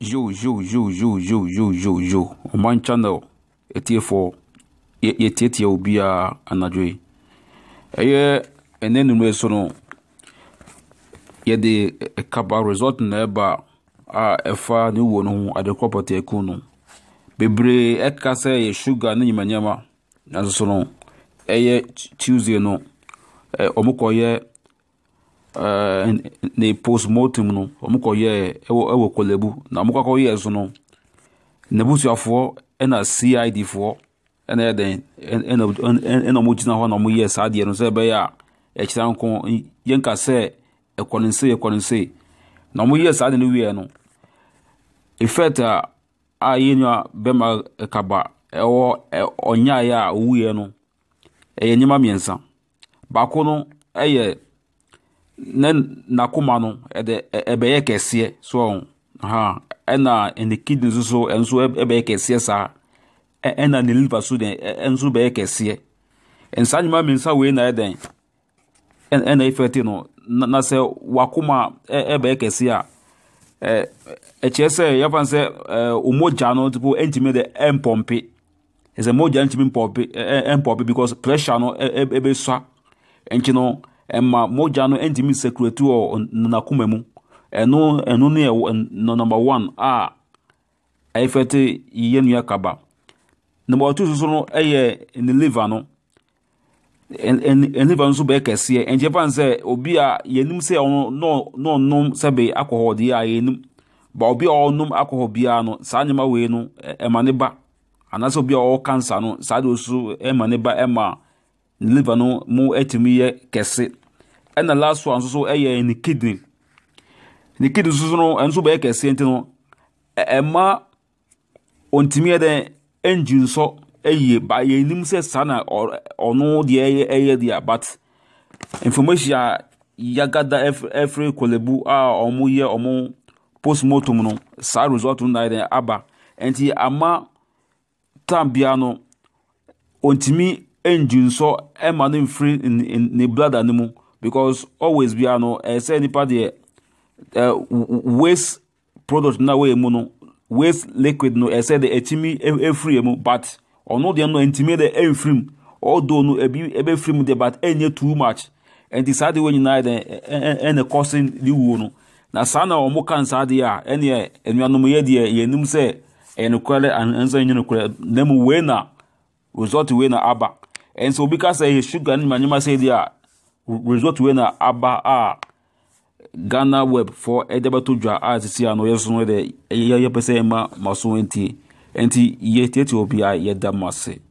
yo yo yo yo yo yo yo yo ɔman channel etiefoɔ yɛtiatia obiara anadwo yi ɛyɛ ɛnɛ nnum yi so no yɛde e, kaba resort na ɛba a ɛfa ne wuo no ho adekorɔ pɔtɛɛku no bebree ɛka sɛ yɛ sugar ne nyamanyama nanso so no ɛyɛ tuesday no ɛ wɔn Eh, ne postmortem na omuko ko ye zunu nebusi afọ cid hɔ na mo yɛ saa deɛ no sɛ ɛbɛyɛ a ɛkyerɛ nko yɛnka sɛ ɛkɔne nse na mo yɛ saa deɛ no wieɛ no effect a a yɛ nua bɛma kaba ɛwɔ ɔnyaayɛ a no ɛyɛ nneɛma mmiɛnsa baako no ɛyɛ nen na kumanu ede ebe ye kesie so ha ena in kidney so enzo ebe ye kesie sa ena ni liver so den enzo be ye kesie ensa nyima min sa we na eden ena ifeti no na se wakuma ebe ye kesie a ekyerɛ sɛ yɛfa sɛ ɔmogya no tipo ntumi de ɛmpɔmpe ɛsɛ mogya ntumi mpɔmpe ɛmpɔmpe because pressure no ɛbɛsua nti no ma moja no ntimi security wɔ nanakoma mu ɛno ɛno no yɛ number one a ɛyɛ fɛ te yiyɛ nua kaba number two soso no ɛyɛ ne liver no liver no nso bɛyɛ kɛseɛ nkyɛn pan sɛ obi a yɛnim sɛ ɔno n'ɔ n'ɔnom sɛbe alcohol deɛ a yɛnim ba obi a ɔnom alcohol biara no saa nneɛma wei no ɛma ne ba anaasɛ obi a ɔwɔ cancer no saa deɛ osu ɛma ne ba ɛma. liver no mu atumi yɛ kɛse ɛna last one nso so ɛyɛ ne kidney ne kidney nso so no ɛnso bɛyɛ kɛseɛ nti no ɛma ɔntumi yɛ dɛ engine nsɔ ɛyie ba yɛnim sɛ saa na ɔno deɛ ɛyɛ ɛyɛ deɛ but information a yagada ɛfiri kolebu a ɔmo yɛ ɔmo postmortem no saa result no na yɛ dɛ aba nti ama time bia no ɔntumi engine nso ma no mfiri ne blada no mu because always bia no ɛsɛ nipa deɛ waste product na wɔyɛ mu no waste liquid no ɛsɛ de ɛtumi efiri mu but ɔno deɛ no ntumi de ɛnfiri mu ɔdo no ebi ɛbɛfiri mu deɛ but ɛnyɛ too much nti saa de wɔn nyinaa de ɛna kɔsin de wuo no na saa na wɔn ka nsa deɛ a ɛneɛ nnuanom yɛ deɛ yɛnim sɛ ɛyɛ nokorɛ ɛnso nyɛ nokorɛ na mu wei na result wei na aba nso obi ka sɛ sugar ne nyumanyuma sɛ deɛ a resort wei na uh, aba a uh, ghana web for ɛde bɛto dwa a sisi a na so no deɛ yɛpɛ sɛ ɛma ma so ntie nti yɛtiatia obi a yɛda mu ase